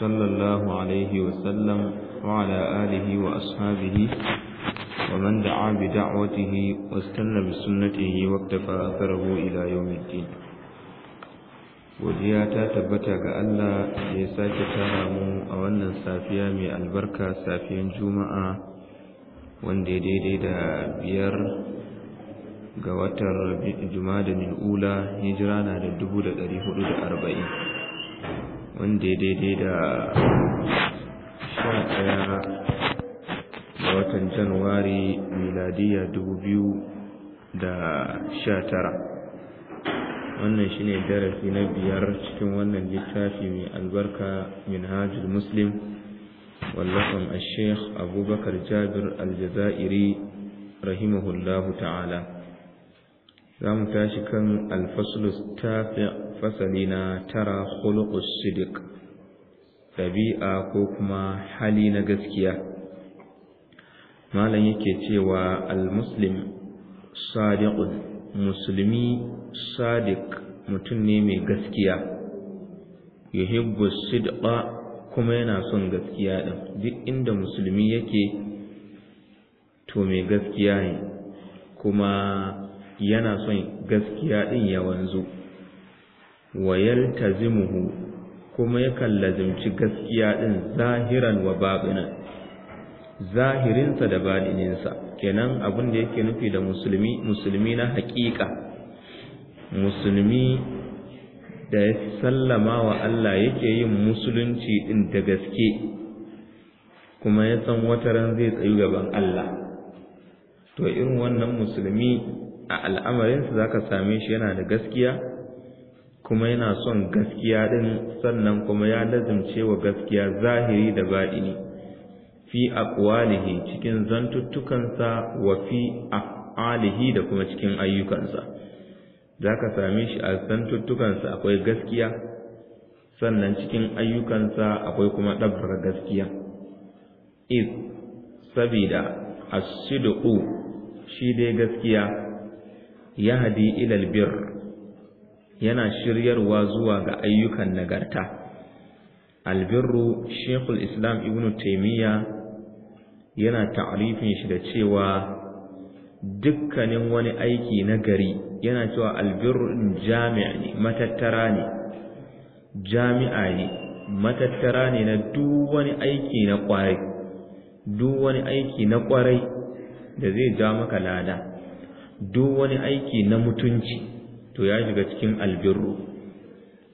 صلى الله عليه وسلم وعلى آله وأصحابه ومن دعا بدعوته واستنى بسنته واقتفى أثره إلى يوم الدين godiya ta tabbata ga Allah da ya sake tara mu a wannan safiya mai albarka safiyan juma'a wanda ya daidai da biyar ga watan juma'a da mil'ula hijira na da dubu da ɗari hudu da arba'in wanda ya daidai da sha ɗaya da watan januwari miladiya dubu biyu da sha tara wannan shine darasi na biyar cikin wannan littafi mai albarka hajjul muslim wallafan ashekh abubakar jabir aljazairi rahimahullahu ta'ala za mu tashi kan alfasulus ta fasali na tara khuluqus sidiq ɗabi'a ko kuma hali na gaskiya malam yake cewa almuslim sadiqun musulmi sadiq mutum ne mai gaskiya yuhibbu sidqa kuma yana son gaskiya din duk inda musulmi yake to mai gaskiya ne kuma yana son gaskiya ɗin ya wanzu wa yaltazimuhu kuma yakan lazimci gaskiya ɗin zahiran wa babinan zahirinsa da badininsa kenan abin da yake nufi da musulmi musulmi na haƙiƙa musulmi da ya sallama wa Allah yake yin musulunci ɗin da gaske kuma ya san wataran zai tsayu gaban Allah to irin wannan musulmi a al'amarinsa za ka same shi yana da gaskiya kuma yana son gaskiya ɗin sannan kuma ya lazimce wa gaskiya zahiri da ba'ini fi aqwalihi cikin zantuttukansa wa fi af'alihi da kuma cikin ayyukansa za ka same shi a zantuttukansa akwai gaskiya sannan cikin ayyukansa akwai kuma ɗabbar gaskiya iz sabida as shi dai gaskiya yahdi ila albir yana shiryarwa zuwa ga ayyukan nagarta albirru shekul islam ibnu taimiyya yana ta'rifin shi da cewa dukkanin wani aiki na gari yana cewa albirru jami'a ne matattara ne jami'a ne matattara ne na duk wani aiki na kwarai duk wani aiki na kwarai da zai ja maka lada duk wani aiki na mutunci to ya shiga cikin albirru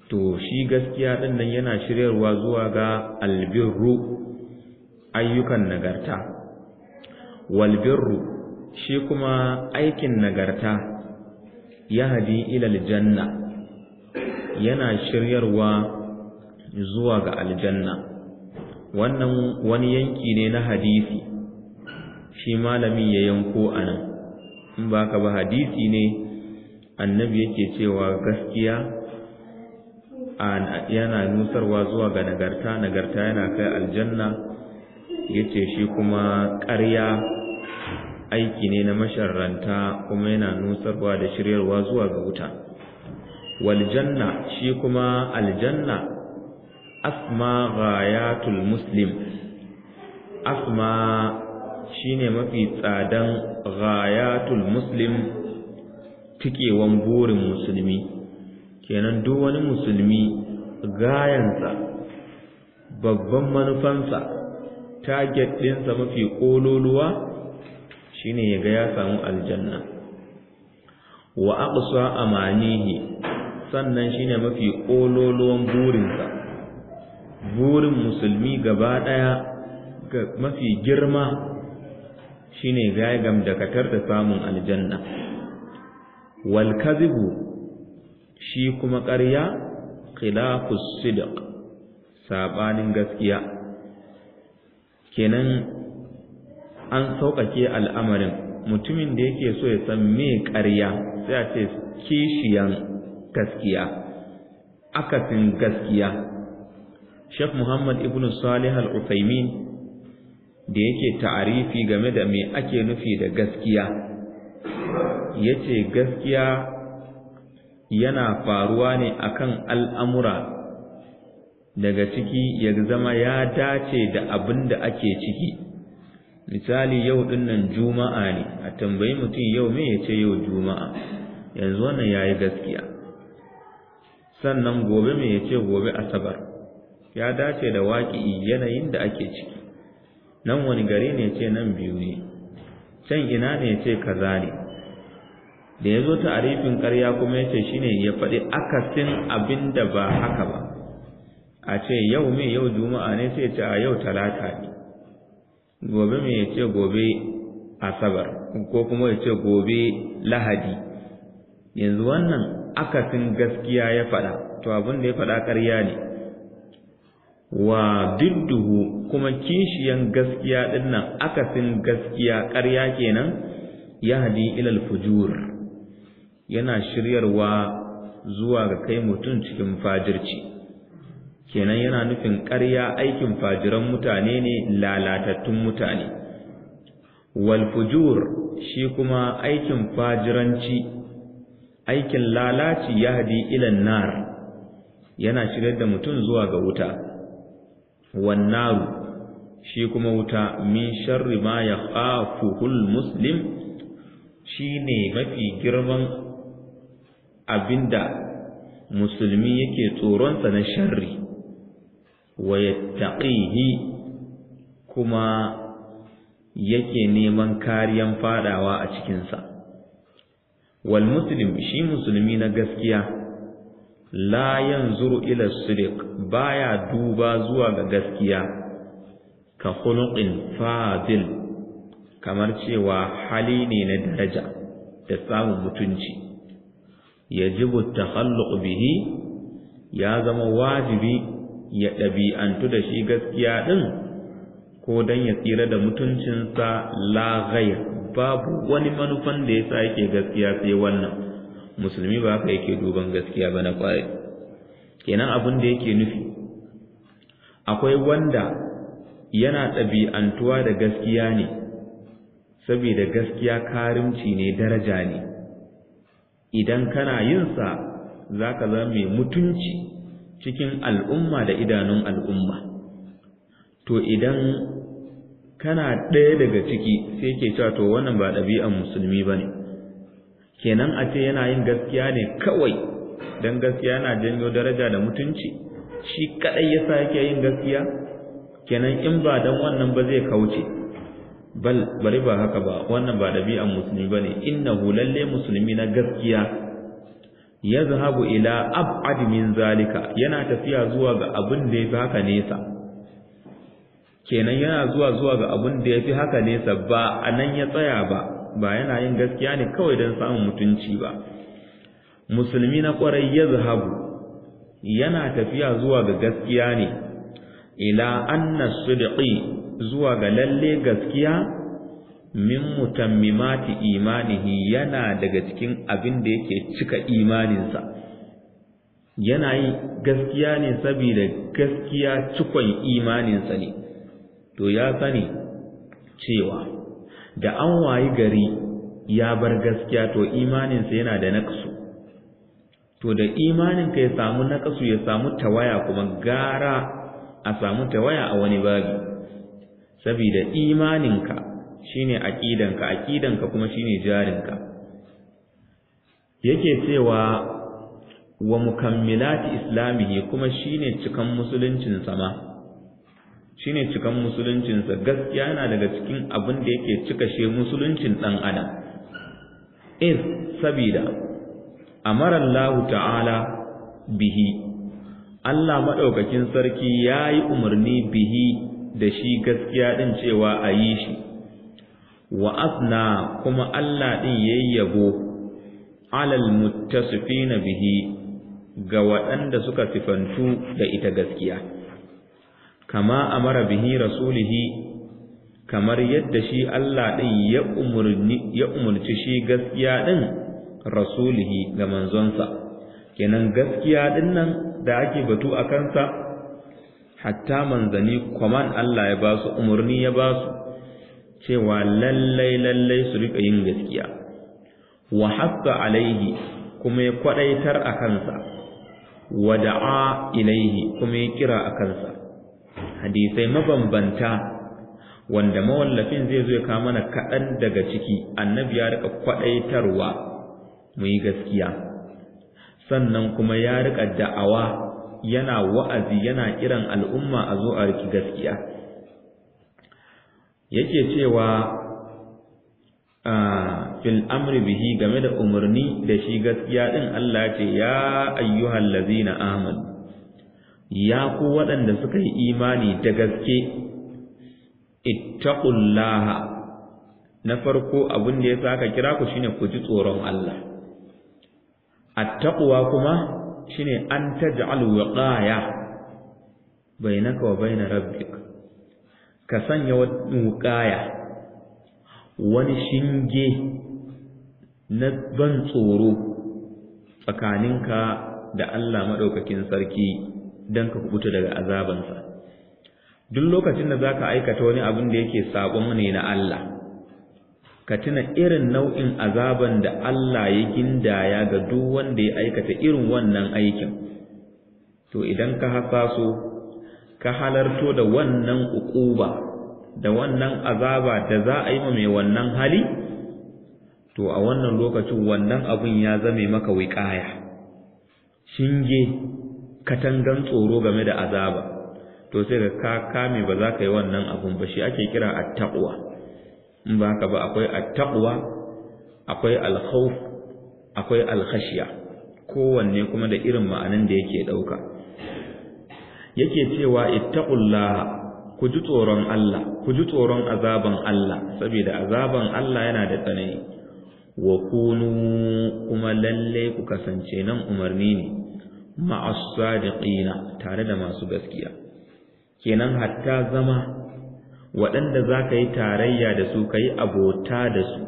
to shi gaskiya din nan yana shiryarwa zuwa ga albirru ayyukan nagarta walbirru shi kuma aikin nagarta ya hadi ilal janna yana shiryarwa zuwa ga aljanna wannan wani yanki ne na hadisi shi malami ya yanko nan. in ba ka ba hadisi ne annabi yake cewa gaskiya yana nusarwa zuwa ga nagarta nagarta yana kai aljanna yace shi kuma ƙarya aiki ne na masharranta kuma yana nusarwa da shiryarwa zuwa ga wuta waljanna shi kuma aljanna asma ghayatul muslim asma shine mafi tsadan ghayatul muslim tikewan burin musulmi kenan duk wani musulmi gayansa babban manufansa target ɗinsa mafi ƙololuwa shine ya ga ya samu aljanna wa aqsa amanihi sannan shine mafi ƙololuwan burinsa burin musulmi gaba ɗaya mafi girma shine gaya dakatar da samun aljanna wal kadhibu shi kuma ƙarya Khilafu sidq sabanin gaskiya kenan an sauƙaƙe al'amarin mutumin da yake so ya san me ƙarya sai a ce kishiyan gaskiya akasin gaskiya Sheikh Muhammad Ibn Salih Al-Uthaymeen da yake ta'arifi game da me ake nufi da gaskiya yace gaskiya yana faruwa ne akan al'amura daga ciki ya zama ya dace da abin da ake ciki misali yau dinnan juma'a ne a tambayi mutum yau me yace yau juma'a yanzu wannan yayi gaskiya sannan gobe me yace gobe asabar ya dace da waƙi yanayin da ake ciki nan wani gari ne ce nan biyu ne can ina ne ce kaza ne da ya zo ta arifin karya kuma ya ce shi ne ya faɗi akasin abin da ba haka ba a ce yau mai yau juma'a ne sai ce a yau talata ne gobe me ya ce gobe asabar ko kuma ya ce gobe lahadi yanzu wannan akasin gaskiya ya faɗa to abin da ya faɗa karya ne wa didduhu kuma kishiyan gaskiya dinnan akasin gaskiya ƙarya kenan ya yahdi ilal fujur yana shiryarwa zuwa ga kai mutum cikin fajirci kenan yana nufin ƙarya aikin fajiran mutane ne lalatattun mutane wal fujur shi kuma aikin fajiranci aikin lalaci hadi ilan nar yana shiryar da mutum zuwa ga wuta wannaru shi kuma wuta min sharri ma ya khafuhul muslim ne mafi girman abinda musulmi yake tsoronsa na sharri wa yattaqihi kuma yake neman kariyan fadawa a cikinsa wal muslim shi musulmi na gaskiya la yanzuru ila sidiq baya duba zuwa ga gaskiya ka khuluqin fadil kamar cewa hali ne na daraja da samun mutunci yajibu takhalluq bihi ya zama wajibi ya ɗabi'antu da shi gaskiya ɗin ko don ya tsira da mutuncinsa la babu wani manufan da ya sa yake gaskiya sai wannan musulmi ba haka yake duban gaskiya ba na kwarai kenan abin da yake nufi akwai wanda yana ɗabi'antuwa da gaskiya ne saboda gaskiya karimci ne daraja ne idan kana yin sa zaka zama mai mutunci cikin al'umma da idanun al'umma to idan kana ɗaya daga ciki sai ke cewa to wannan ba ɗabi'an musulmi ba ne. kenan a ce yana yin gaskiya ne kawai don gaskiya yana janyo daraja da mutunci shi kadai yasa yake yin gaskiya kenan in ba don wannan ba zai kauce bal bari ba haka ba wannan ba dabi'an musulmi ba ne. Inna hulalle musulmi na gaskiya ya zahabu ila ab'ad min zalika yana tafiya zuwa ga abin da ya fi haka nesa kenan yana zuwa zuwa ga abin da ya fi haka nesa ba a nan ya tsaya ba ba yana yin gaskiya ne kawai don samun mutunci ba musulmi na kwarai ya zahabu yana tafiya zuwa ga gaskiya ne ila anna sidqi zuwa ga lalle gaskiya min mutammimati imanihi yana daga cikin abin da yake cika imaninsa yana yi gaskiya ne saboda gaskiya cikon imaninsa ne to ya sani cewa da an wayi gari ya bar gaskiya to imaninsa yana da naqsu to da imaninka ya samu naqsu ya samu tawaya kuma gara a samu tawaya a wani babi saboda imaninka shine aqidanka aqidanka kuma shine jarinka yake cewa wa mukammilati islamihi kuma shine cikan musuluncin sama shine cikan musuluncinsa gaskiya yana daga cikin abin da yake cika she musuluncin dan adam iz sabida amara Allah ta'ala bihi Allah madaukakin sarki yayi umarni bihi da shi gaskiya din cewa ayi shi wa asna kuma Allah din yayyabo alal muttasifina bihi ga waɗanda suka sifantu da ita gaskiya kama amara bihi rasulihi kamar yadda shi Allah din ya umurni ya umurci shi gaskiya din rasulihi ga manzonsa kenan gaskiya din nan da ake batu a kansa hatta manzani kwaman Allah ya ba su umurni ya ba su cewa lallai lallai su rika yin gaskiya wa haqqa alaihi kuma ya kwadaitar a kansa wa da'a ilaihi kuma ya kira a kansa hadisai mabambanta wanda mawallafin zai zo ya kawo mana kaɗan daga ciki annabi ya riƙa kwaɗaitarwa mu yi gaskiya sannan kuma ya riƙa da'awa yana wa'azi yana kiran al'umma a zo a riki gaskiya yake cewa ah, fil amri bihi game da umarni da shi gaskiya din Allah ce ya ayyuhallazina amanu ya ku waɗanda suka yi imani da gaske ittaqullaha na farko abin da ya saka kira ku shine ku ji tsoron Allah attaqwa kuma shine an taj'al waqaya bainaka wa bain rabbik ka sanya waqaya wani shinge na ban tsoro tsakaninka da Allah madaukakin sarki don ka kubuta daga azabansa duk lokacin da zaka aikata wani abin da yake sabon ne na Allah ka tuna irin nau'in azaban da Allah ya gindaya ga duk wanda ya aikata irin wannan aikin to idan ka hasaso ka halarto da wannan ukuba da wannan azaba da za a yi ma mai wannan hali to a wannan lokacin wannan abin ya zame maka wiƙaya shinge katangan tsoro game da azaba to sai ka kame ba za ka yi wannan abun ba shi ake kira attaqwa in ba haka ba akwai attaqwa akwai alkhawf akwai alkhashiya kowanne kuma da irin ma'anan da yake dauka yake cewa ittaqullah ku ji tsoron Allah, ku ji tsoron azaban Allah, saboda azaban Allah yana da tsanani, wa kunu kuma lalle ku kasance nan umarni ne, ma'as tare da masu gaskiya kenan hatta zama waɗanda za ka yi tarayya da su ka yi abota da su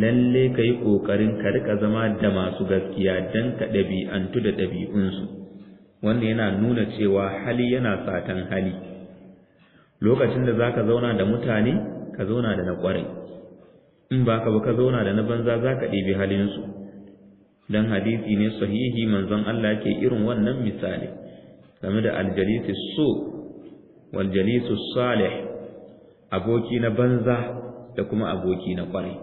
lalle ka yi ƙoƙarin ka riƙa zama da masu gaskiya don ka ɗabi'antu da ɗabi'unsu wanda yana nuna cewa hali yana satan hali lokacin da za ka zauna da mutane ka zauna da na ƙwarai in ba ka ba ka zauna da na banza za ka ɗebi halinsu dan hadisi ne sahihi manzon Allah ke irin wannan misali game da aljalisu su wal salih aboki na banza da kuma aboki na kwarai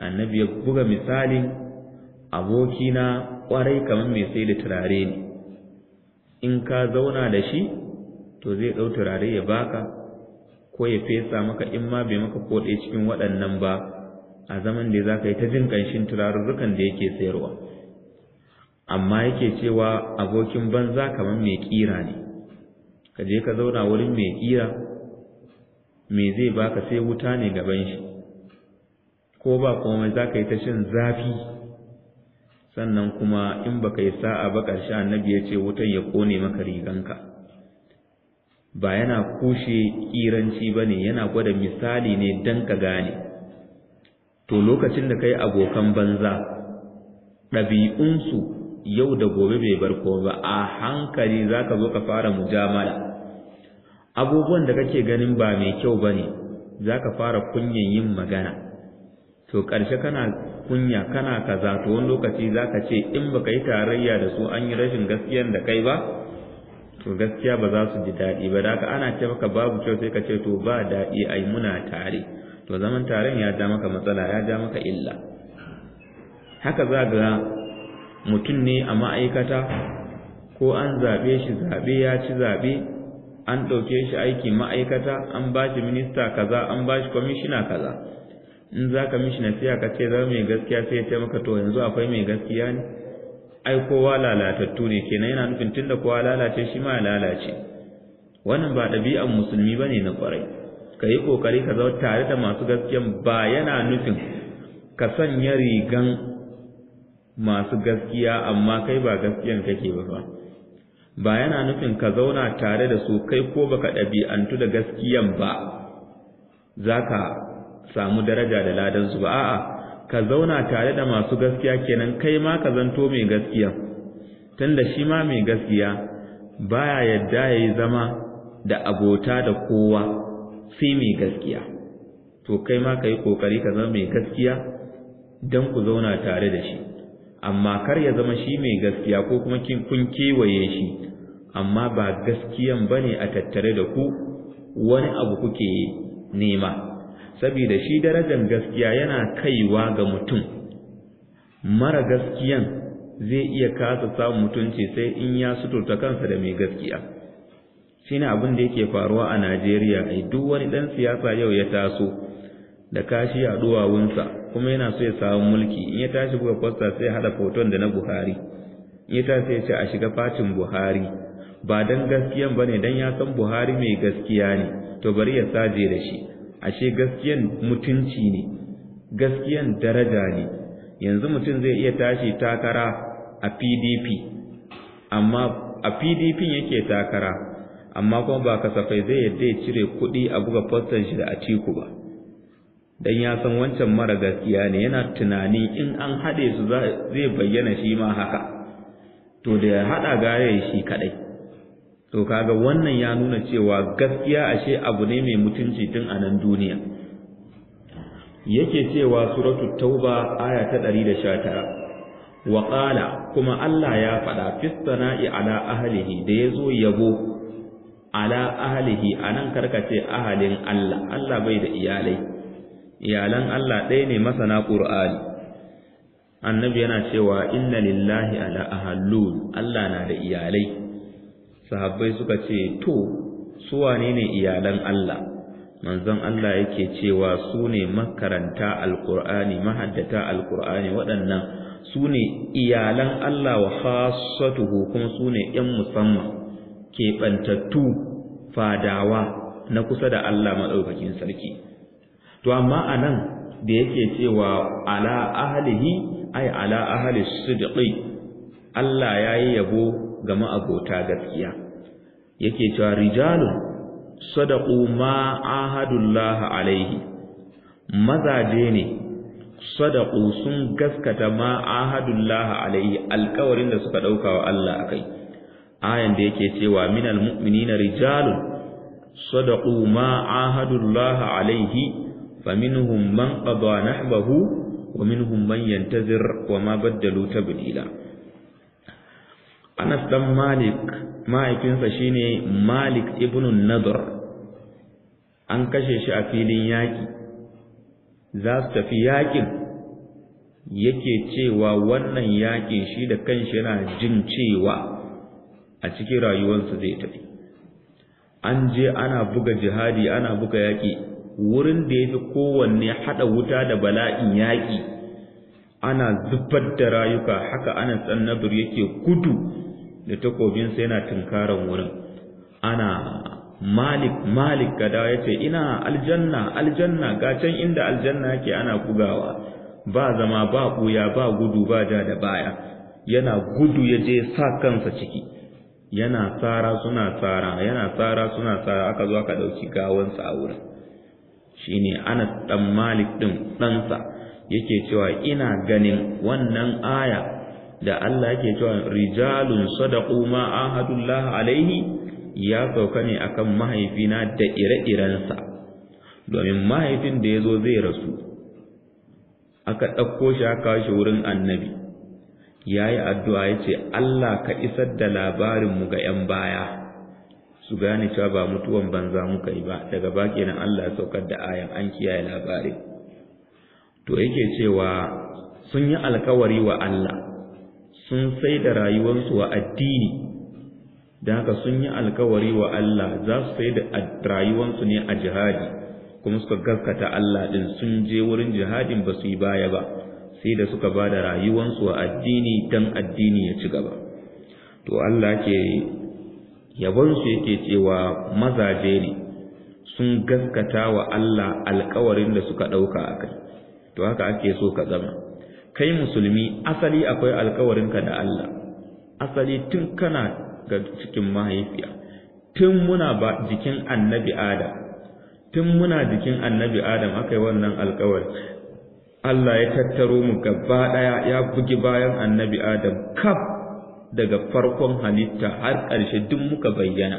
annabi ya buga misali aboki na kwarai kamar mai sai da turare ne in ka zauna da shi to zai ɗau turare ya baka ko ya fesa maka in ma bai maka kodai cikin waɗannan ba a zaman da za ka yi ta jin ƙanshin turarurrukan da yake sayarwa amma yake cewa abokin banza kamar mai ƙira ne ka je ka zauna wurin mai ƙira me zai baka sai wuta ne gaban shi ko ba komai za ka yi ta shin zafi sannan kuma in baka yi sa'a ba ƙarshe annabi ya ce wutan ya ƙone maka riganka ba yana kushe ƙiranci ba ne yana gwada misali ne don ka gane to lokacin da kai abokan banza ɗabi'unsu yau da gobe bai bar ko ba a hankali za ka zo ka fara mujamala abubuwan da kake ganin ba mai kyau ba ne za ka fara kunyan yin magana to ƙarshe kana kunya kana kaza to wani lokaci za ka ce in baka yi tarayya da su an yi rashin gaskiyan da kai ba to gaskiya ba za su ji daɗi ba da ana ce maka babu kyau sai ka ce to ba daɗi ai muna tare to zaman taron ya ja maka matsala ya ja maka illa haka za ga mutum ne a ma'aikata ko an zaɓe shi zaɓe ya ci zaɓe an ɗauke shi aiki ma'aikata an ba shi minista kaza an ba shi kwamishina kaza in za ka mishina sai ka ce zama mai gaskiya sai ya ce maka to yanzu akwai mai gaskiya ne ai kowa lalatattu ne kenan yana nufin tunda kowa lalace shi ma ya lalace wannan ba ɗabi'an musulmi ba ne na ƙwarai ka yi ƙoƙari ka zauna tare da masu gaskiyan ba yana nufin ka sanya rigan masu gaskiya amma kai ba gaskiyan kake ba fa ba yana nufin ka zauna tare da su kai ko baka ɗabi'antu da gaskiyan ba za ka samu daraja da ladansu ba a'a ka zauna tare da masu gaskiya kenan kai ma ka zanto mai gaskiya tunda shi ma mai gaskiya baya yadda yayi zama da abota da kowa sai mai gaskiya to kai ma ka yi kokari ka zama mai gaskiya don ku zauna tare da shi amma kar ya zama shi mai gaskiya ko kuma kun kewaye shi amma ba gaskiyan ba ne a tattare da ku wani abu kuke nema saboda shi darajar gaskiya yana kaiwa ga mutum mara gaskiyan zai iya kasa samun mutunci sai in ya suturta kansa da mai gaskiya shine abin da yake faruwa a Najeriya ai duk wani dan siyasa yau ya taso da kashi a duwawunsa kuma yana so ya samu mulki in ya tashi buga kwasta sai ya hada foton da na Buhari in ya tashi ya ce a shiga fatin Buhari ba dan gaskiyan bane dan ya san Buhari mai gaskiya ne to bari ya saje da shi ashe gaskiyan mutunci ne gaskiyan daraja ne yanzu mutum zai iya tashi takara a PDP amma a PDP yake takara amma kuma ba kasafai zai yadda ya cire kuɗi a buga fostan shi da a ciku ba dan ya san wancan mara gaskiya ne yana tunani in an haɗe su zai bayyana shi ma haka to da ya haɗa gaya shi kaɗai to kaga wannan ya nuna cewa gaskiya ashe abu ne mai mutunci tun a nan duniya yake cewa suratu tauba aya ta ɗari da tara wa Waƙala kuma Allah ya faɗa fi sana'i ala ahlihi da ya zo yabo ala ahlihi anan karkace ahalin Allah Allah bai da iyalai iyalan Allah ɗaya ne masana ƙur'ani. annabi yana cewa inna lillahi ala ahallun Allah na da iyalai sahabbai suka ce to su wane ne iyalan Allah manzon Allah yake cewa su ne makaranta Alƙur'ani, mahaddata alqur'ani waɗannan su ne iyalan Allah wa khassatuhu kuma su ne ‘yan musamman keɓantattu fadawa na kusa da Allah maɗaukakin sarki to amma a nan da yake cewa ala ahlihi ai ala ahli sidqi Allah ya yi yabo ga ma'abota gaskiya yake cewa rijalun sadaqu ma alaihi mazaje ne sadaqu sun gaskata ma ahadullahi alaihi alkawarin da suka ɗauka wa Allah kai. ayan da yake cewa minal mu'minina rijalun sadaqu ma ahadullaha alaihi faminhum man qada nahbahu wa minhum man yantazir wa ma badalu tabdila Anas dan Malik mahaifinsa shine Malik ibn Nadr an kashe shi a filin yaki za su tafi yakin yake cewa wannan yakin shi da kanshi yana jin cewa a cikin rayuwarsa zai tafi an je ana buga jihadi ana buga yaƙi wurin da ya fi kowanne haɗa wuta da bala'in yaƙi ana zubar da rayuka haka ana tsannabir yake gudu da takobinsa yana tunkaran wurin ana malik malik gada ya ce ina aljanna aljanna ga can inda aljanna yake ana bugawa ba zama ba ɓuya ba gudu ba ja da baya yana gudu ya je sa kansa ciki yana tsara suna tsara yana tsara suna tsara aka zo aka ɗauki gawansa a wurin shine Anas ɗan Malik ɗin ɗansa yake cewa ina ganin wannan aya da Allah yake cewa rijalun sadaqu ma ahadullah alaihi ya sauka ne akan mahaifina da ire-irensa domin mahaifin da ya zo zai rasu aka ɗauko shi aka shi wurin annabi ya yi addu'a ya ce Allah ka isar da labarinmu ga ‘yan baya su gane cewa ba mutuwan banza muka yi ba daga baƙi na Allah ya saukar da ayan an kiyaye labarin to yake cewa sun yi alkawari wa Allah sun sai da rayuwarsu wa addini don haka sun yi alkawari wa Allah za su sai da rayuwarsu ne a jihadi kuma suka gaskata Allah ɗin sun je wurin jihadin ba su yi baya ba sai da suka ba da rayuwansu a addini don addini ya ci gaba to Allah ke yabonsu yake cewa mazaje ne sun gaskata wa Allah alkawarin da suka ɗauka a kai to haka ake so ka zama kai musulmi asali akwai alkawarinka da Allah asali tun kana ga cikin mahaifiya tun muna ba jikin annabi adam tun muna jikin annabi adam aka wannan alkawari Allah ya tattaro mu gaba ɗaya ya bugi bayan annabi Adam kaf daga farkon halitta har ƙarshe duk muka bayyana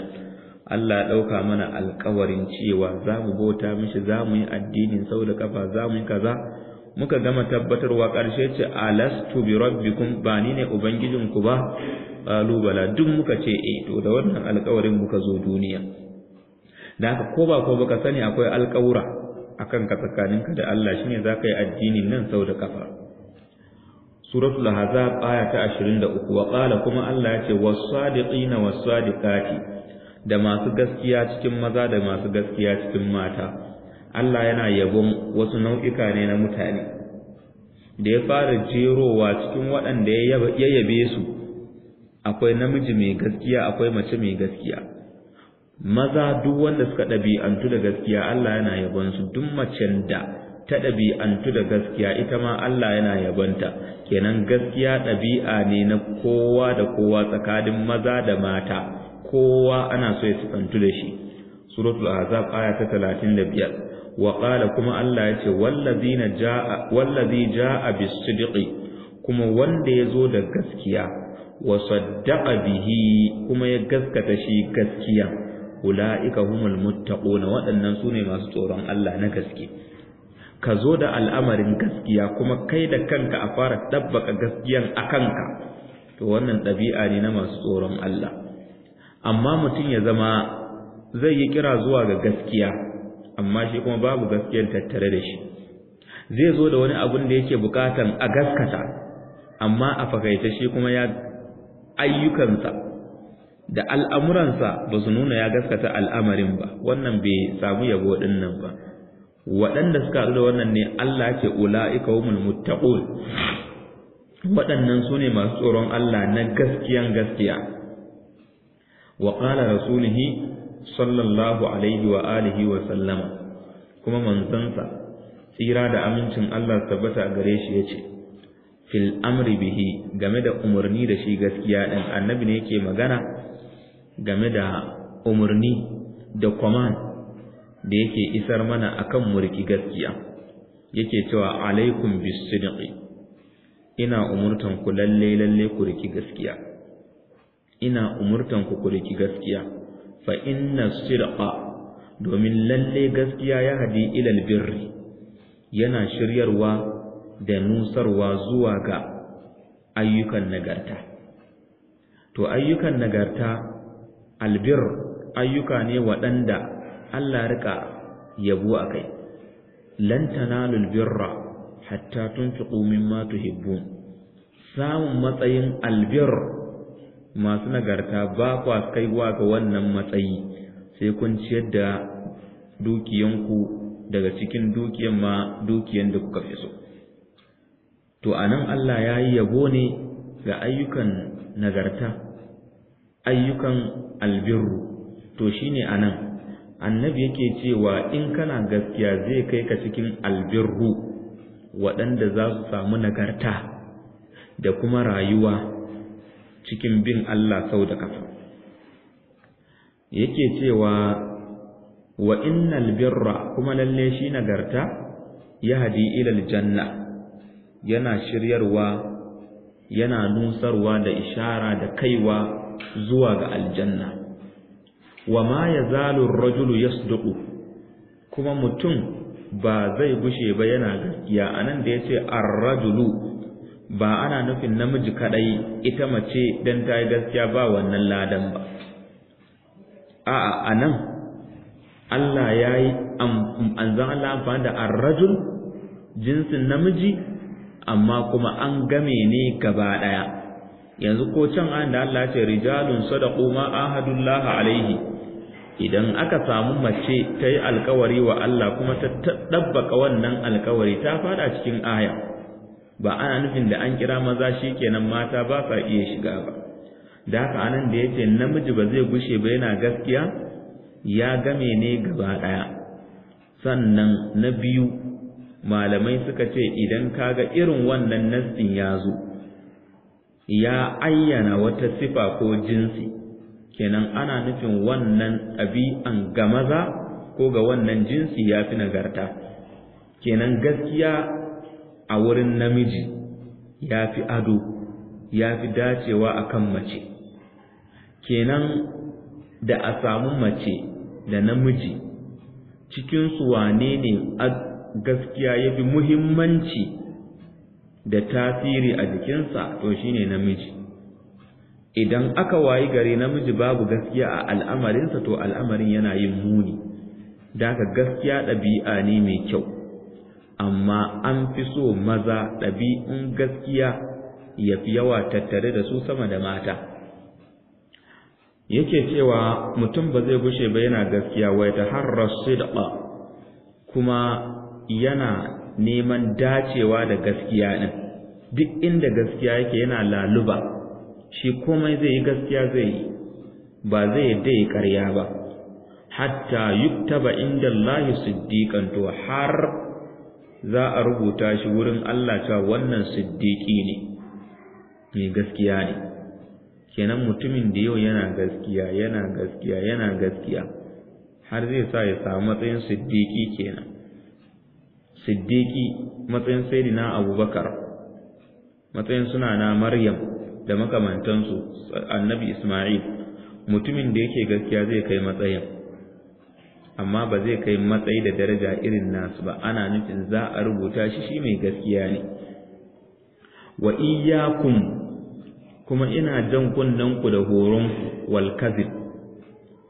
Allah ya ɗauka mana alƙawarin cewa za mu bauta mishi za mu yi addinin sau da kafa za mu yi kaza muka gama tabbatarwa ƙarshe ce alastu bi rabbikum ba ni ne ubangijinku ba bala duk muka ce eh to da wannan alƙawarin muka zo duniya da haka ko ba ko baka sani akwai alƙawura. akan ka tsakaninka da Allah shine za ka yi addinin nan sau da kafa suratul hazab aya ta 23 wa qala kuma Allah yace ce was-sadiqina was-sadiqati da masu gaskiya cikin maza da masu gaskiya cikin mata Allah yana yabon wasu nau'ika ne na mutane da ya fara jerowa cikin waɗanda ya yabe su akwai namiji mai gaskiya akwai mace mai gaskiya maza duk wanda suka ɗabi'antu da gaskiya Allah yana yabon su duk macen da ta ɗabi'antu da gaskiya ita ma Allah yana yabonta kenan gaskiya ɗabi'a ne na kowa da kowa tsakanin maza da mata kowa ana so ya sifantu da shi suratul azab aya ta 35 wa qala kuma Allah yace wallazina wallazi jaa bis-sidqi kuma wanda ya zo da gaskiya wa saddaqa bihi kuma ya gaskata shi gaskiya ula'ika humul muttaquna waɗannan sune masu tsoron Allah na gaske ka zo da al'amarin gaskiya kuma kai da kanka a fara dabbaka gaskiyan a kanka to wannan ɗabi'a ne na masu tsoron Allah amma mutum ya zama zai yi kira zuwa ga gaskiya amma shi kuma babu gaskiyar tattare da shi zai zo da wani abun da yake bukatan a gaskata amma a fakaita shi kuma ya ayyukansa da al'amuransa ba su nuna ya gaskata al'amarin ba wannan bai samu yabo ɗin nan ba waɗanda suka haɗu da wannan ne Allah ke ula'ika humul muttaqun waɗannan su ne masu tsoron Allah na gaskiyan gaskiya wa ƙala rasulihi sallallahu alaihi wa alihi wa sallama kuma manzansa tsira da amincin Allah tabbata gare shi ya ce. fil amri bihi game da umarni da shi gaskiya ɗin, annabi ne yake magana game da umarni da command da yake isar mana akan murki gaskiya yake cewa alaikum bisidqi ina umurtan ku lalle lalle ku riki gaskiya ina umurtan ku ku riki gaskiya fa inna sidqa domin lalle gaskiya ya hadi ilal birri yana shiryarwa da nusarwa zuwa ga ayyukan nagarta to ayyukan nagarta albir ayyuka ne waɗanda Allah riƙa yabo a kai lan tanalul birra hatta tunfiqu mimma tuhibbun samun matsayin albir masu nagarta ba kwa wa ga wannan matsayi sai kun ciyar da dukiyanku daga cikin dukiyan ma dukiyan da kuka fi so to anan Allah ya yi yabo ne ga ayyukan nagarta ayyukan albirru to shine anan annabi yake cewa in kana gaskiya zai kai ka cikin albirru waɗanda za su samu nagarta da kuma rayuwa cikin bin Allah sau da kafa yake cewa wa innal birra kuma lalle shi nagarta yahdi ila aljanna yana shiryarwa yana nusarwa da ishara da kaiwa zuwa ga aljanna wa ma yazalu ar-rajulu yasduqu kuma mutum ba zai gushe ba yana gaskiya anan da yace ar-rajulu ba ana nufin namiji kadai ita mace dan ta yi gaskiya ba wannan ladan ba a'a anan Allah ya yi anzan Allah amfani da ar-rajul jinsin namiji amma kuma an game ne gaba daya yanzu ko can an da Allah ce rijalun sadaqu ma ahadullah alaihi idan aka samu mace ta yi alkawari wa Allah kuma ta dabbaka wannan alkawari ta fada cikin aya ba ana nufin da an kira maza shi kenan mata ba sa iya shiga ba da haka anan da yace namiji ba zai gushe ba yana gaskiya ya game ne gaba daya sannan na biyu malamai suka ce idan kaga irin wannan nassin ya zo ya ayyana wata sifa ko jinsi kenan ana nufin wannan ɗabi'an ga maza ko ga wannan jinsi ya fi nagarta kenan gaskiya a wurin namiji ya fi ado ya fi dacewa a kan mace kenan da a samu mace da namiji cikinsu wane ne gaskiya ya fi muhimmanci da tasiri a jikinsa to shine namiji idan aka wayi gari namiji babu gaskiya a al'amarinsa to al'amarin yana yin muni daga gaskiya ɗabi'a ne mai kyau amma an fi so maza ɗabi'un gaskiya ya fi yawa tattare da su sama da mata yake cewa mutum ba zai gushe ba yana gaskiya wai ta harra sidqa kuma yana neman dacewa da gaskiya din duk inda gaskiya yake yana laluba shi komai zai yi gaskiya zai yi ba zai yadda ƙarya ba hatta yuktaba inda Allah siddiqan to har za a rubuta shi wurin Allah cewa wannan siddiqi ne mai gaskiya ne kenan mutumin da yau yana gaskiya yana gaskiya yana gaskiya har zai sa ya samu matsayin siddiqi kenan siddiqi matsayin sayyidina abubakar matsayin suna na maryam da makamantansu annabi isma'il mutumin da yake gaskiya zai kai matsayin amma ba zai kai matsayi da daraja irin nasu ba ana nufin za a rubuta shi shi mai gaskiya ne wa iyyakum kuma ina jan kunnen ku da horon wal kazib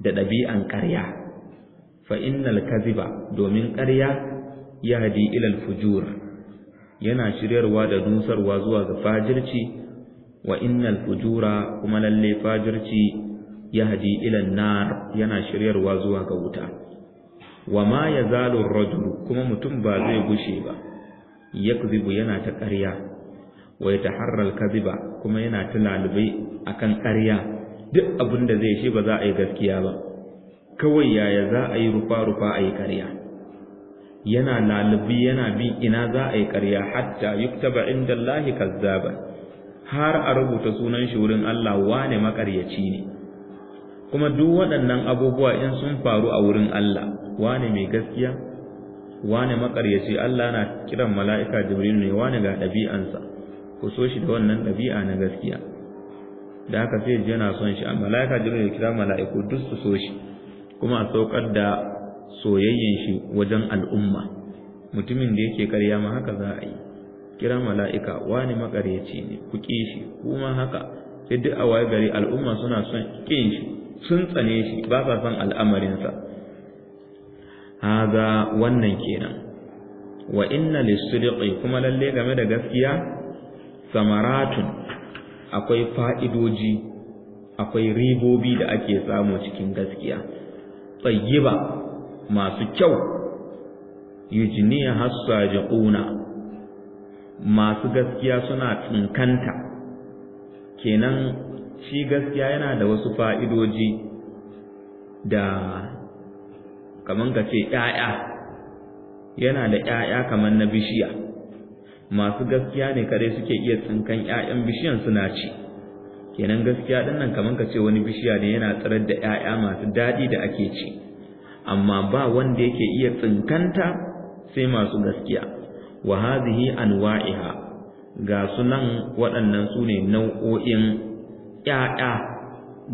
da ɗabi'an ƙarya fa innal kaziba domin ƙarya yahdi ila al-fujur yana shiryarwa da dusarwa zuwa ga fajirci wa innal fujura kuma lalle fajirci yahdi ila an-nar yana shiryarwa zuwa ga wuta wa ma yazalu ar-rajul kuma mutum ba zai gushe ba yakzibu yana ta ƙarya wa yataharra al-kadhiba kuma yana ta lalubai akan ƙarya duk abinda zai shi ba za a yi gaskiya ba kawai yaya za a yi rufa rufa a yi ƙarya yana lalubi yana bi ina za a yi ƙarya hatta yuktaba inda Allah kazzaba har a rubuta sunan shi wurin Allah wane makaryaci ne kuma duk waɗannan abubuwa in sun faru a wurin Allah wane mai gaskiya wane makaryaci Allah na kiran mala'ika Jibril ne wane ga ɗabi'ansa ku so shi da wannan ɗabi'a na gaskiya da haka sai yana son shi a mala'ika Jibril ya kira mala'iku duk su so shi kuma a saukar da soyayyen shi wajen al'umma mutumin da yake karya ma haka za a yi kira mala'ika wani makaryaci ne ku ƙi shi kuma haka sai duk a waye gari al'umma suna son ƙin shi sun tsane shi ba sa son al'amarinsa haza wannan kenan wa inna lissidiki kuma lalle game da gaskiya samaratun akwai fa'idoji akwai ribobi da ake samu cikin gaskiya tsayyiba masu kyau yujniya hasabiquna masu gaskiya suna tsinkanta kenan shi gaskiya yana da wasu fa'idoji da kaman ka ce ‘ya'ya yana da ‘ya'ya kaman na bishiya masu gaskiya ne kare suke iya tsinkan ‘ya'yan bishiyan suna ci kenan gaskiya ɗin kaman ka ce wani bishiya ne yana tsirar da ‘ya'ya masu daɗi da ake ci amma ba wanda yake iya tsinkanta sai masu gaskiya wa hadhihi anwa'iha ga sunan waɗannan su ne nau'o'in ƴaƴa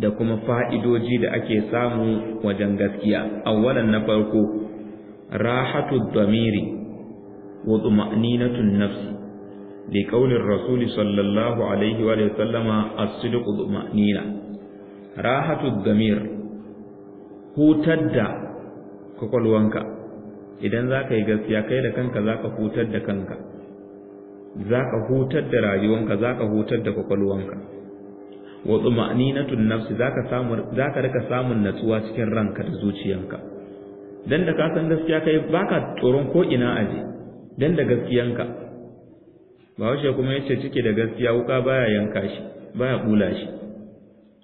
da kuma fa'idoji da ake samu wajen gaskiya awwalan na farko rahatu damiri wa tuma'ninatun nafs li qawlir rasul sallallahu alaihi wa sallama as-sidqu tuma'nina rahatu damir hutar da kwakwalwanka idan za ka yi gaskiya kai da kanka za ka hutar da kanka za ka hutar da rayuwanka za ka hutar da kwakwalwanka wa na nafsi za ka rika samun natsuwa cikin ranka da zuciyanka dan da ka san gaskiya kai ba ka tsoron ko ina aje dan da gaskiyanka bahaushe kuma yace cike da gaskiya wuka baya yanka shi baya bula shi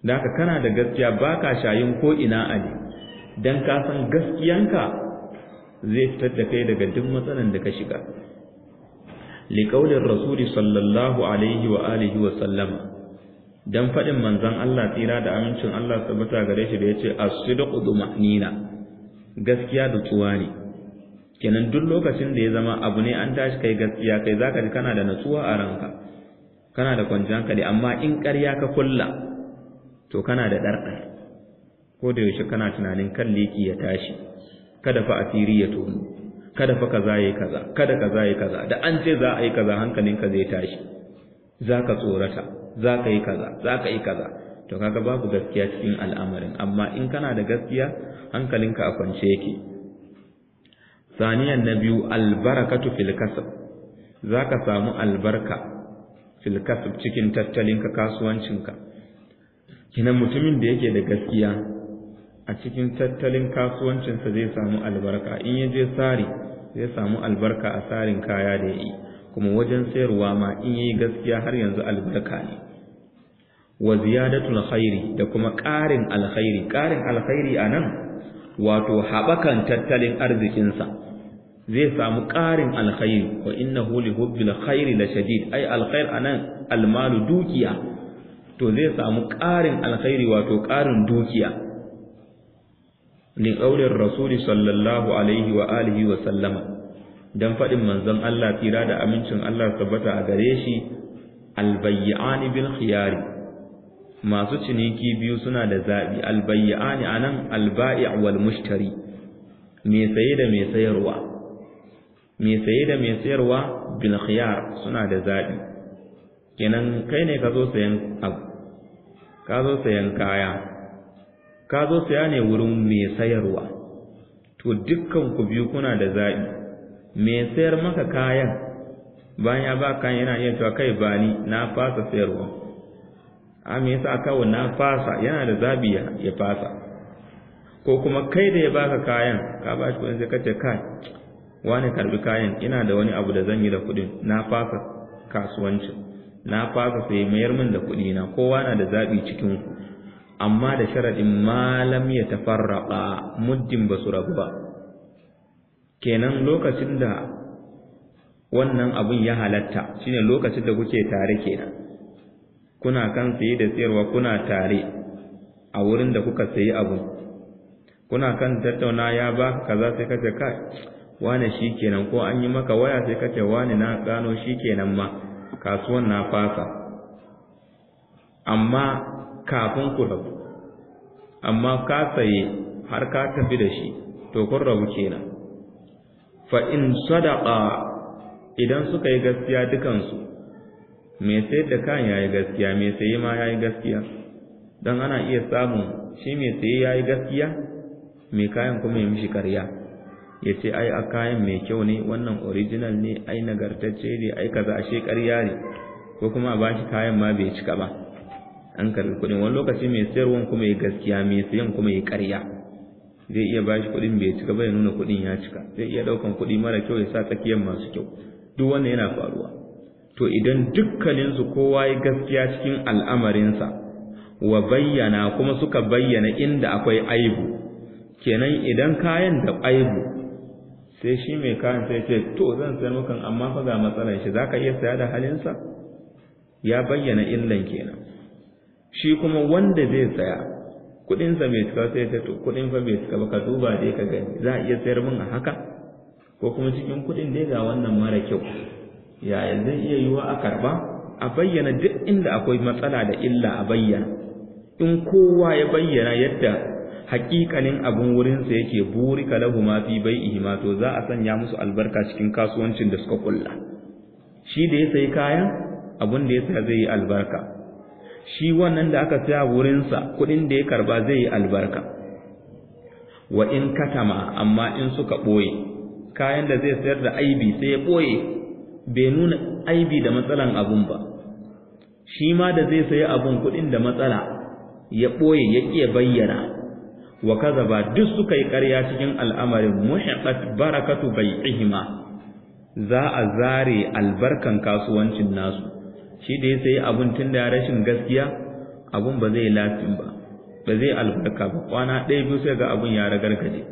da haka kana da gaskiya ba ka shayin ko ina aje dan ka san gaskiyanka zai fitar da kai daga duk matsalan da ka shiga liqaulir rasul sallallahu alaihi wa alihi wa sallam dan fadin manzon Allah tsira da amincin Allah tabbata gare shi da yace as-sidqu dumanina gaskiya da tuwa ne kenan duk lokacin da ya zama abu ne an tashi kai gaskiya kai zaka ji kana da natsuwa a ranka kana da kwanciyar hankali amma in ƙarya ka kulla to kana da ɗarɗar ko da yaushe kana tunanin kan leki ya tashi kada fa asiri ya tono kada fa kaza yayi kaza kada kaza yayi kaza da an ce za a yi kaza hankalinka zai tashi zaka tsorata zaka yi kaza zaka yi kaza to kaga babu gaskiya cikin al'amarin amma in kana da gaskiya hankalinka a kwance yake saniyan na biyu albarakatu fil kasb zaka samu albarka fil kasb cikin tattalinka kasuwancinka kinan mutumin da yake da gaskiya a cikin tattalin kasuwancinsa zai samu albarka in ya je sari zai samu albarka a sarin kaya da ya yi kuma wajen sayarwa ma in yi gaskiya har yanzu albarka ne wa ziyadatul khairi da kuma ƙarin alkhairi ƙarin alkhairi a nan wato haɓakan tattalin arzikinsa zai samu ƙarin alkhairi wa innahu huli hubbil khairi la shadid ai alkhair nan, almalu dukiya to zai samu ƙarin alkhairi wato ƙarin dukiya liƙaurin rasuli sallallahu alaihi wa alihi wa sallama don faɗin manzon Allah tira da amincin Allah tabbata a gare shi albayyani bil khiyari masu ciniki biyu suna da zaɓi albayyani anan alba'i wal mushtari me saye da me sayarwa mai saye da mai sayarwa bil khiyar suna da zaɓi kenan kai ne ka zo sayan abu ka zo sayan kaya ka zo saya ne wurin mai sayarwa to dukkan ku biyu kuna da zaɓi mai sayar maka kayan bayan ya ba kayan yana iya cewa kai ba ni na fasa sayarwa a me yasa kawo na fasa yana da zaɓi ya fasa ko kuma kai da ya baka kayan ka ba shi kuɗin sai ka kai wani karbi kayan ina da wani abu da zan yi da kuɗin na fasa kasuwancin na fasa sai mayar min da kuɗi na kowa na da zaɓi cikin ku amma da sharaɗin malam ya tafarraqa muddin basu rabu ba kenan lokacin da wannan abun ya halatta shine lokacin da kuke tare kenan kuna kan saye da sayarwa kuna tare a wurin da kuka sayi abu kuna kan tattauna ya ba kaza sai kace kai wane shikenan ko an yi maka waya sai kace wane na gano shikenan ma kasuwan na fasa amma kafin ku rabu amma ka saye har ka tafi da shi to kun rabu kenan fa in sadaqa idan suka yi gaskiya dukansu me sai da kan yayi gaskiya me sai ma yayi gaskiya dan ana iya samun shi me sai yayi gaskiya Me kayan kuma ya mishi karya ya ce ai a kayan mai kyau ne wannan original ne ai nagartacce ne ai kaza ashe karya ne ko kuma a bashi kayan ma bai cika ba an karbi kuɗin wani lokaci mai sayarwan kuma ya gaskiya mai sayan kuma ya karya zai iya bashi kuɗin bai cika bai ya nuna kuɗin ya cika zai iya ɗaukan kuɗi mara kyau ya sa tsakiyar masu kyau duk wannan yana faruwa to idan dukkaninsu kowa ya gaskiya cikin al'amarinsa wa bayyana kuma suka bayyana inda akwai aibu kenan idan kayan da aibu sai shi mai kayan sai ce to zan sayar maka amma fa ga matsalar shi zaka iya saya da halin sa? ya bayyana illan kenan shi kuma wanda zai saya kudinsa bai tsaka sai ta to kudin fa bai tsaka ka duba dai ka gani za a iya sayar min a haka ko kuma cikin kudin dai ga wannan mara kyau yaya zai iya yiwa a karba a bayyana duk inda akwai matsala da illa a bayyana in kowa ya bayyana yadda haƙiƙanin abun wurinsa yake buri lahu ma fi bai'ihi ma to za a sanya musu albarka cikin kasuwancin da suka kulla shi da ya sayi kayan abun da ya saya zai yi albarka shi wannan da aka saya wurinsa kuɗin da ya karba zai yi albarka wa in katama amma in suka ɓoye kayan da zai sayar da aibi sai ya ɓoye bai nuna aibi da matsalan abun ba shi ma da zai sayi abun kuɗin da matsala ya ɓoye ya iya bayyana wa kaza ba duk suka yi ƙarya cikin al'amarin muhiqat barakatu bai'ihima za a zare albarkan kasuwancin nasu shi da ya sayi abun tun da rashin gaskiya abun ba zai lafin ba ba zai albarka ba kwana ɗaya biyu sai ga abun ya ragargaje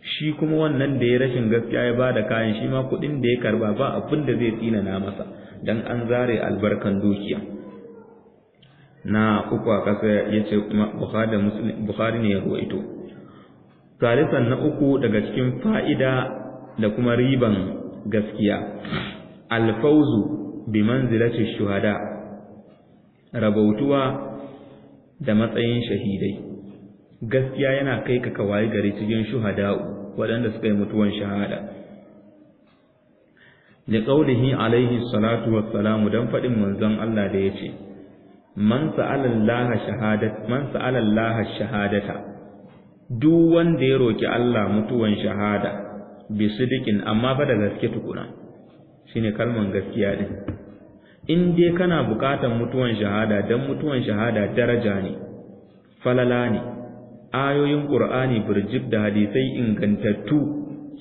shi kuma wannan da ya rashin gaskiya ya bada kayan shi ma kuɗin da ya karba ba abin da zai tsinana masa dan an zare albarkan dukiya na uku a ƙasa ya ce bukhari ne ya ruwaito Salisan na uku daga cikin fa'ida da kuma riban gaskiya alfauzu bi shuhada rabautuwa da matsayin shahidai gaskiya yana kai ka kawai gari cikin shuhada'u waɗanda suka yi mutuwan shahada da qaulihi alaihi salatu wassalamu dan faɗin manzon Allah da yace man man sa'ala shahadata duk wanda ya roki Allah mutuwan shahada bi sidikin amma ba da gaske tukuna shine kalman gaskiya din in dai kana bukatan mutuwan shahada dan mutuwan shahada daraja ne falala ne ayoyin qur'ani burjib da hadisai ingantattu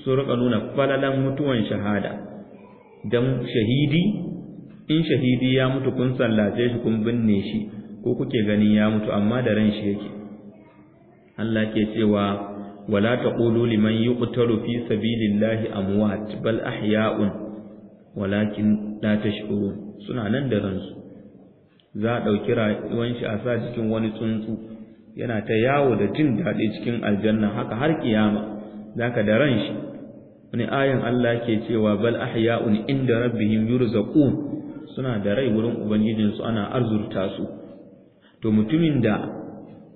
su rika nuna falalan mutuwan shahada dan shahidi in shahidi ya mutu kun sallace shi kun binne shi ko kuke gani ya mutu amma da ran shi yake Allah ke cewa wala taqulu liman yuqtalu fi sabilillahi amwat bal ahya'un walakin la tash'urun suna nan da ransu za a ɗauki rayuwan shi a sa cikin wani tsuntsu yana ta yawo da jin daɗi cikin aljanna haka har kiyama zaka da ranshi? shi wani ayan Allah ke cewa bal ahya'un inda rabbihim yurzaqun suna da rai wurin ubangijin su ana arzurta su to mutumin da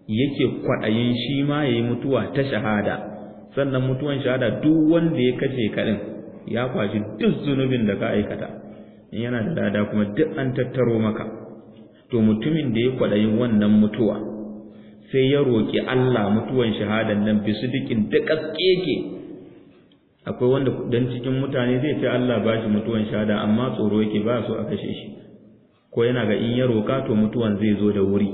yake kwaɗayin shi ma yayi mutuwa ta shahada sannan mutuwan shahada duk wanda ya kace kaɗin ya kwashi duk zunubin da ka aikata in yana da lada kuma duk an tattaro maka to mutumin da ya kwaɗayin wannan mutuwa sai ya roƙi Allah mutuwan shahadan nan bi su dukin da kaskeke akwai wanda dan cikin mutane zai ce Allah ba shi mutuwan shahada amma tsoro yake ba so a kashe shi ko yana ga in ya roƙa to mutuwan zai zo da wuri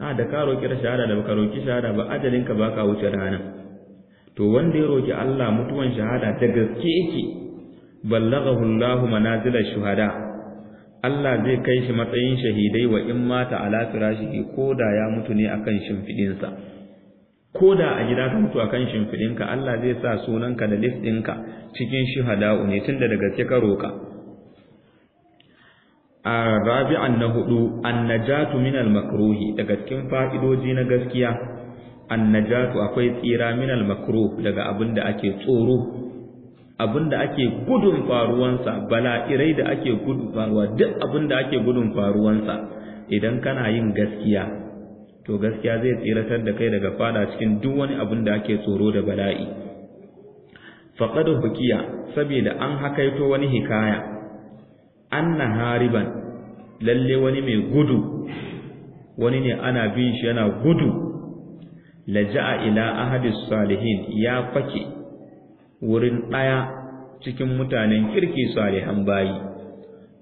a ah, da ka roƙi shahada da baka roƙi shahada ba ajalinka ka wuce rana to wanda ya roki Allah mutuwan shahada da gaske yake ballaghahu Allahu manazilash shuhada Allah zai kai shi matsayin shahidai wa in mata ala firashihi koda ya mutu ne akan shimfidinsa sa koda a gida ka mutu akan shimfidinka Allah zai sa sunanka da list ɗinka cikin shahada ne tunda da gaske ka roka a rabi'an na hudu annajatu min al-makruhi daga cikin fa'idoji na gaskiya annajatu akwai tsira minal makruh daga abin da ake tsoro abin da ake gudun faruwansa bala'irai da ake gudun faruwa duk abin da ake gudun faruwansa idan kana yin gaskiya to gaskiya zai tsiratar da kai daga fada cikin duk wani abin da ake tsoro da bala'i faqad hukiya saboda an hakaito wani hikaya anna hariban lalle wani mai gudu wani ne ana bin shi yana gudu laja'a ila ahadis salihin ya fake wurin ɗaya cikin mutanen kirki salihan bayi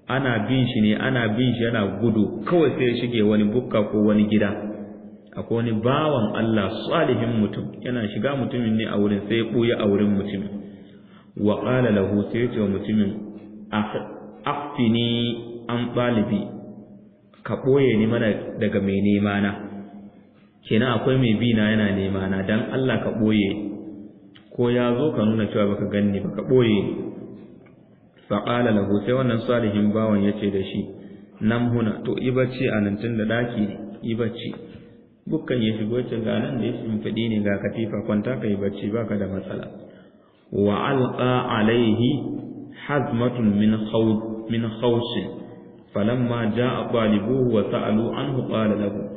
ana bin shi ne ana bin shi yana gudu kawai sai shige wani bukka ko wani gida akwai wani bawan Allah salihin mutum yana shiga mutumin ne a wurin sai ya ɓuya a wurin mutumin wa qala lahu sai ce wa mutumin afini an balibi? ka ɓoye ni mana daga mai nema na kenan akwai mai bi na yana nema na dan Allah ka boye ko ya zo ka nuna cewa baka ganni baka boye fa qala lahu sai wannan salihin bawon yace da shi nan huna to yi bacci a nan tun da daki yi bacci bukkan ya shigo ce ga nan da ya fadi ne ga katifa kwanta ka yi bacci baka da matsala wa alqa alaihi hazmatun min khawd min khawsin falamma jaa talibuhu wa sa'alu anhu qala lahu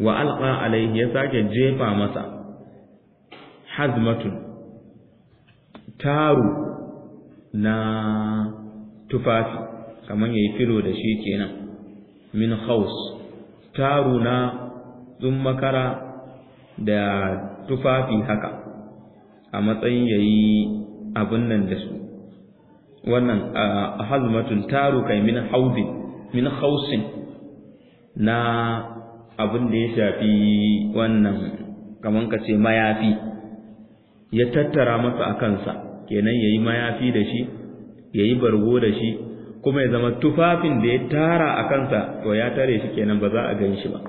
wa alqa alaihi ya sake jefa masa hazmatun taru na tufafi kaman yayi filo da shi kenan min khaus taru na tsummakara da tufafi haka a matsayin yayi abin nan da su wannan hazmatun taru kai min hausin na abin da ya shafi wannan kamar ka ce mayafi ya tattara masa a kansa kenan ya yi mayafi da shi ya yi bargo da shi kuma ya zama tufafin da ya tara a kansa to ya tare shi kenan ba za a gan shi ba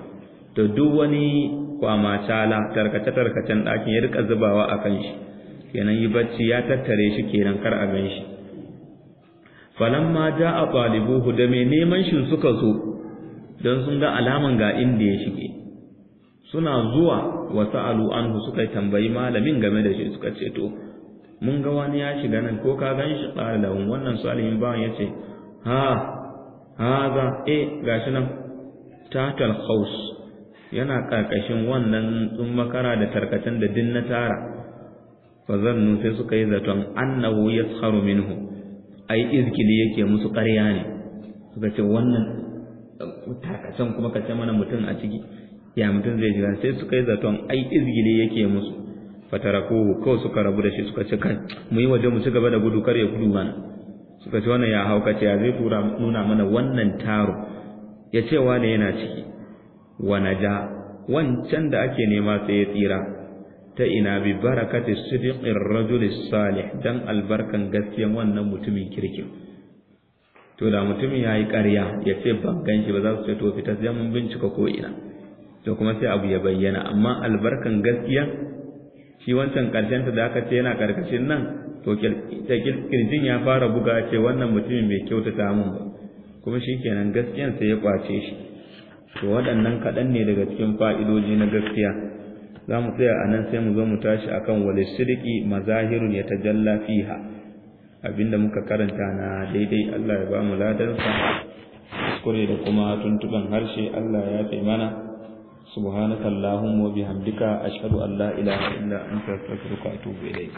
to duk wani cala tarkace-tarkacen ɗakin ya rika zubawa a kan shi kenan yi bacci ya tattare shi kenan kar a gan shi falamma ja a ɗalibuhu da mai neman shi suka zo don sun ga alaman ga inda ya shige suna zuwa wasu sa'alu suka tambayi malamin game da shi suka ce to mun ga wani ya shiga nan ko ka gan shi qala wannan salihin bawan ce. ha haza ga e, gashi nan tatal Haus yana karkashin wannan tsumakara da tarkacen da din na tara fa zannu sai suka yi zaton annahu yasharu minhu ai izkili yake musu ƙarya ne suka ce wannan takasan kuma ka ce mana mutum a ciki ya mutum zai jira sai suka yi zaton ai izgili yake musu Fataraku kawai suka rabu da shi suka ce kai mu yi waje mu ci gaba da gudu kar ya gudu mana suka ce wannan ya haukace ya zai tura nuna mana wannan taro ya ce wane yana ciki wa ja wancan da ake nema sai ya tsira ta ina bi barakati sidiqir rajulis salih dan albarkan gaskiyan wannan mutumin kirkin to da mutumin ya yi ƙarya ya ce ban gan shi ba za su ce to fita sai mun bincika ko ina to kuma sai abu ya bayyana amma albarkan gaskiya shi wancan ƙarshen da aka ce yana ƙarƙashin nan to kirjin ya fara buga ce wannan mutumin bai kyautata mun ba kuma shi kenan gaskiyan sai ya kwace shi to waɗannan kaɗan ne daga cikin fa'idoji na gaskiya za mu tsaya a nan sai mu zo mu tashi akan wale shirki mazahirun ya tajalla fiha abinda muka karanta na daidai Allah ya ba mu ladansa kuskure da kuma tuntuban harshe Allah ya fi mana subhanaka allahumma wa bihamdika ashhadu an la ilaha illa anta astaghfiruka wa atubu ilayk